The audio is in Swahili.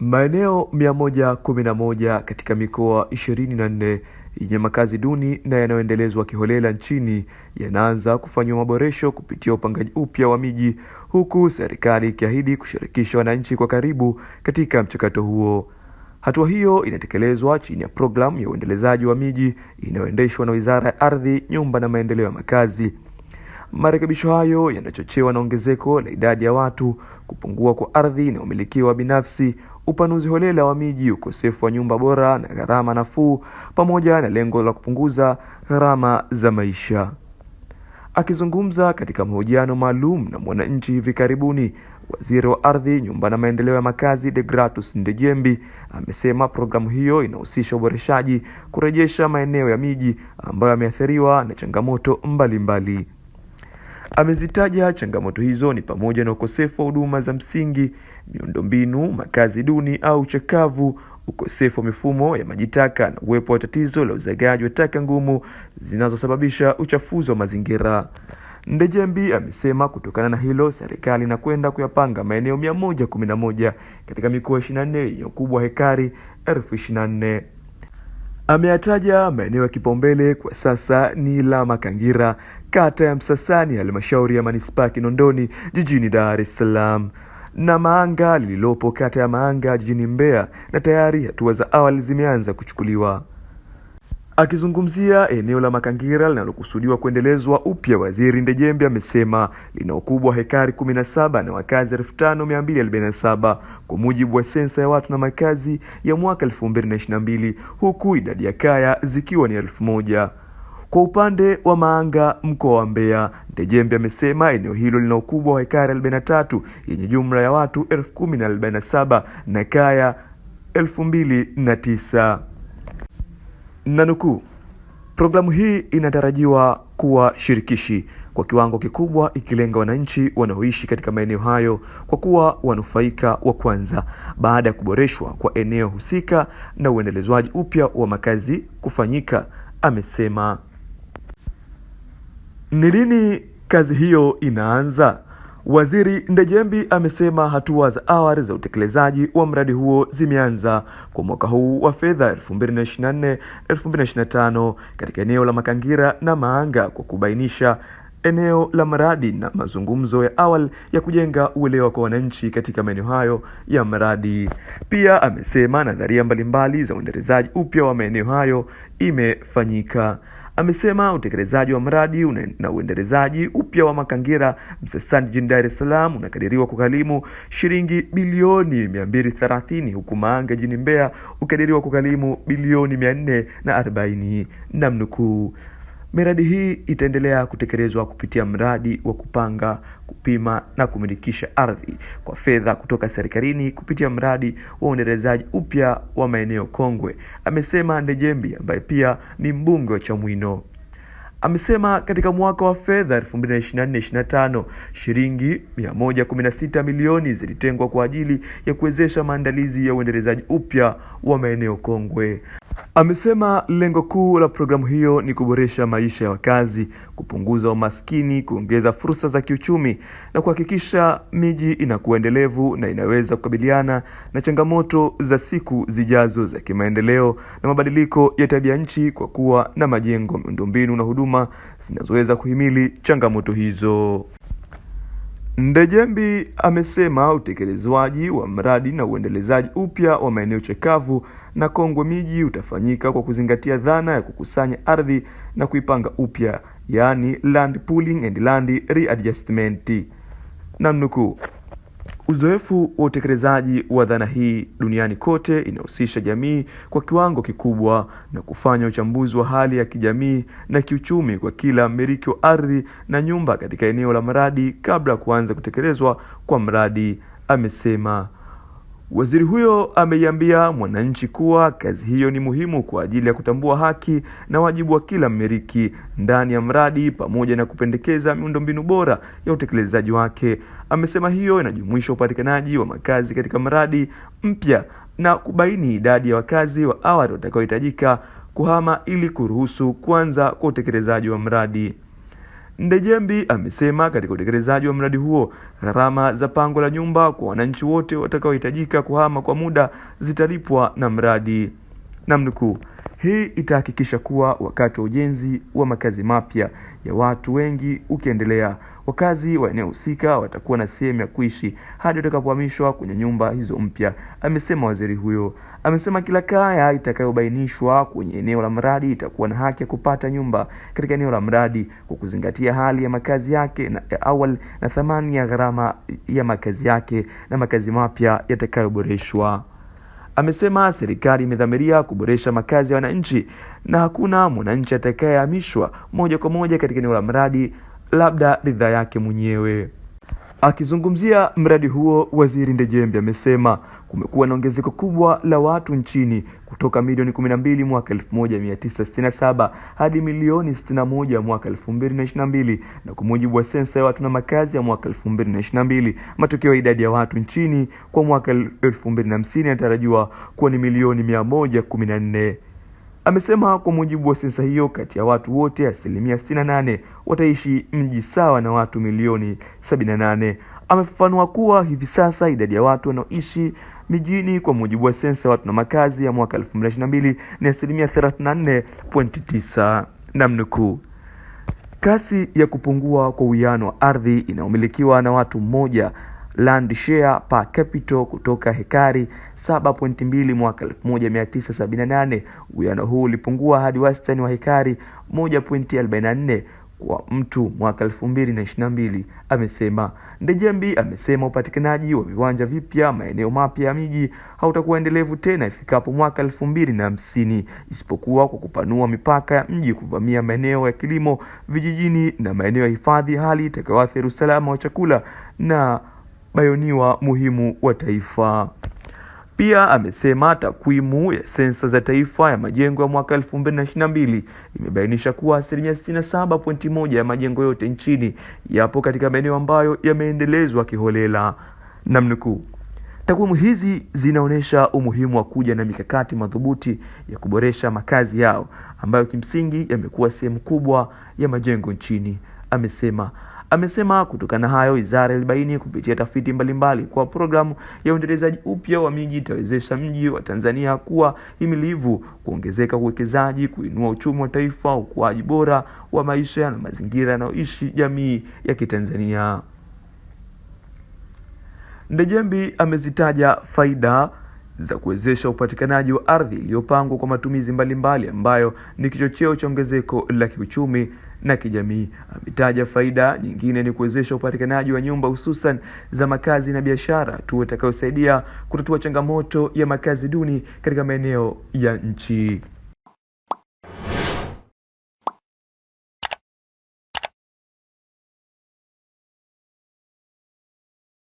Maeneo 111 katika mikoa 24 yenye makazi duni na yanayoendelezwa kiholela nchini yanaanza kufanyiwa maboresho kupitia upangaji upya wa miji, huku serikali ikiahidi kushirikisha wananchi kwa karibu katika mchakato huo. Hatua hiyo inatekelezwa chini ya programu ya uendelezaji wa miji inayoendeshwa na Wizara ya Ardhi, Nyumba na Maendeleo ya Makazi. Marekebisho hayo yanachochewa na ongezeko la idadi ya watu, kupungua kwa ardhi inayomilikiwa binafsi, upanuzi holela wa miji, ukosefu wa nyumba bora na gharama nafuu, pamoja na lengo la kupunguza gharama za maisha. Akizungumza katika mahojiano maalum na Mwananchi hivi karibuni, waziri wa ardhi, nyumba na maendeleo ya makazi, gratus Ndejembi amesema programu hiyo inahusisha uboreshaji, kurejesha maeneo ya miji ambayo yameathiriwa na changamoto mbalimbali mbali. Amezitaja changamoto hizo ni pamoja na ukosefu wa huduma za msingi, miundombinu, makazi duni au chakavu, ukosefu wa mifumo ya maji taka na uwepo wa tatizo la uzagaji wa taka ngumu zinazosababisha uchafuzi wa mazingira. Ndejembi amesema kutokana na hilo serikali inakwenda kuyapanga maeneo 111 katika mikoa 24 yenye ukubwa wa hekari elfu Ameyataja maeneo ya kipaumbele kwa sasa ni la Makangira kata ya Msasani, halmashauri ya manispaa ya Kinondoni jijini Dar es Salaam na Maanga lililopo kata ya Maanga jijini Mbeya, na tayari hatua za awali zimeanza kuchukuliwa. Akizungumzia eneo la Makangira linalokusudiwa kuendelezwa upya, Waziri Ndejembi amesema lina ukubwa wa hekari 17 na wakazi 5247 kwa mujibu wa sensa ya watu na makazi ya mwaka 222 huku idadi ya kaya zikiwa ni 1 kwa upande wa Maanga, mkoa wa Mbeya, Ndejembe amesema eneo hilo lina ukubwa wa ekari 43 yenye jumla ya watu 10,047 na kaya 2,009 na nukuu, programu hii inatarajiwa kuwa shirikishi kwa kiwango kikubwa ikilenga wananchi wanaoishi katika maeneo hayo kwa kuwa wanufaika wa kwanza baada ya kuboreshwa kwa eneo husika na uendelezwaji upya wa makazi kufanyika, amesema. Ni lini kazi hiyo inaanza? Waziri Ndejembi amesema hatua za awali za utekelezaji wa mradi huo zimeanza kwa mwaka huu wa fedha 2024/2025 katika eneo la Makangira na Maanga kwa kubainisha eneo la mradi na mazungumzo ya awali ya kujenga uelewa kwa wananchi katika maeneo hayo ya mradi. Pia amesema nadharia mbalimbali za uendelezaji upya wa maeneo hayo imefanyika amesema utekelezaji wa mradi na uendelezaji upya wa Makangira Msesani jijini Dar es Salaam unakadiriwa kugharimu shilingi bilioni 230 huku Maanga jini Mbeya ukadiriwa kugharimu bilioni 440 na mnukuu. Miradi hii itaendelea kutekelezwa kupitia mradi wa kupanga, kupima na kumilikisha ardhi kwa fedha kutoka serikalini kupitia mradi wa uendelezaji upya wa maeneo kongwe, amesema Ndejembi ambaye pia ni mbunge wa Chamwino. Amesema katika mwaka wa fedha 2024/2025 shilingi 116 milioni zilitengwa kwa ajili ya kuwezesha maandalizi ya uendelezaji upya wa maeneo kongwe. Amesema lengo kuu la programu hiyo ni kuboresha maisha ya wakazi, kupunguza umaskini, kuongeza fursa za kiuchumi na kuhakikisha miji inakuwa endelevu na inaweza kukabiliana na changamoto za siku zijazo za kimaendeleo na mabadiliko ya tabia nchi kwa kuwa na majengo, miundombinu na huduma zinazoweza kuhimili changamoto hizo. Ndejembi amesema utekelezwaji wa mradi na uendelezaji upya wa maeneo chakavu na kongwe miji utafanyika kwa kuzingatia dhana ya kukusanya ardhi na kuipanga upya, yaani land pooling and land readjustment. Namnukuu. Uzoefu wa utekelezaji wa dhana hii duniani kote inahusisha jamii kwa kiwango kikubwa na kufanya uchambuzi wa hali ya kijamii na kiuchumi kwa kila mmiliki wa ardhi na nyumba katika eneo la mradi kabla ya kuanza kutekelezwa kwa mradi, amesema. Waziri huyo ameiambia Mwananchi kuwa kazi hiyo ni muhimu kwa ajili ya kutambua haki na wajibu wa kila mmiliki ndani ya mradi pamoja na kupendekeza miundombinu bora ya utekelezaji wake. Amesema hiyo inajumuisha upatikanaji wa makazi katika mradi mpya na kubaini idadi ya wakazi wa awali watakaohitajika kuhama ili kuruhusu kuanza kwa utekelezaji wa mradi. Ndejembi amesema katika utekelezaji wa mradi huo, gharama za pango la nyumba kwa wananchi wote watakaohitajika kuhama kwa muda zitalipwa na mradi. Namnukuu, hii itahakikisha kuwa wakati wa ujenzi wa makazi mapya ya watu wengi ukiendelea, wakazi wa eneo husika watakuwa na sehemu ya kuishi hadi watakapohamishwa kwenye nyumba hizo mpya, amesema waziri huyo. Amesema kila kaya itakayobainishwa kwenye eneo la mradi itakuwa na haki ya kupata nyumba katika eneo la mradi kwa kuzingatia hali ya makazi yake na ya awali na thamani ya gharama ya makazi yake na makazi mapya yatakayoboreshwa. Amesema serikali imedhamiria kuboresha makazi ya wananchi na hakuna mwananchi atakayehamishwa moja kwa moja katika eneo la mradi labda ridhaa yake mwenyewe. Akizungumzia mradi huo, Waziri Ndejembi amesema kumekuwa na ongezeko kubwa la watu nchini kutoka milioni 12 mwaka 1967 hadi milioni 61 mwaka 2022, na kwa mujibu wa sensa ya watu na makazi ya mwaka 2022, matokeo ya idadi ya watu nchini kwa mwaka 2050 yanatarajiwa kuwa ni milioni 114. Amesema kwa mujibu wa sensa hiyo, kati ya watu wote asilimia 68 wataishi mji sawa na watu milioni 78. Amefafanua kuwa hivi sasa idadi ya watu wanaoishi mijini kwa mujibu wa sensa ya watu na makazi ya mwaka 2022 ni asilimia 34.9, namnukuu. Kasi ya kupungua kwa uwiano wa ardhi inayomilikiwa na watu mmoja land share per capita kutoka hekari 7.2 mwaka 1978. Uwiano huu ulipungua hadi wastani wa hekari 1.44 kwa mtu mwaka 2022, amesema Ndejembi. Amesema upatikanaji wa viwanja vipya maeneo mapya ya miji hautakuwa endelevu tena ifikapo mwaka 2050, isipokuwa kwa kupanua mipaka ya mji kuvamia maeneo ya kilimo vijijini na maeneo ya hifadhi, hali itakayoathiri usalama wa chakula na bayoniwa muhimu wa taifa. Pia amesema takwimu ya sensa za taifa ya majengo ya mwaka 2022 imebainisha kuwa asilimia 67.1 ya majengo yote nchini yapo katika maeneo ambayo yameendelezwa kiholela. Namnukuu, takwimu hizi zinaonyesha umuhimu wa kuja na mikakati madhubuti ya kuboresha makazi yao ambayo kimsingi yamekuwa sehemu kubwa ya majengo nchini, amesema. Amesema kutokana hayo, wizara ilibaini kupitia tafiti mbalimbali kuwa programu ya uendelezaji upya wa miji itawezesha mji wa Tanzania kuwa himilivu, kuongezeka uwekezaji, kuinua uchumi wa taifa, ukuaji bora wa maisha na mazingira yanayoishi jamii ya Kitanzania. Ndejembi amezitaja faida za kuwezesha upatikanaji wa ardhi iliyopangwa kwa matumizi mbalimbali mbali ambayo ni kichocheo cha ongezeko la kiuchumi na kijamii. Ametaja faida nyingine ni kuwezesha upatikanaji wa nyumba hususan za makazi na biashara, tu itakayosaidia kutatua changamoto ya makazi duni katika maeneo ya nchi.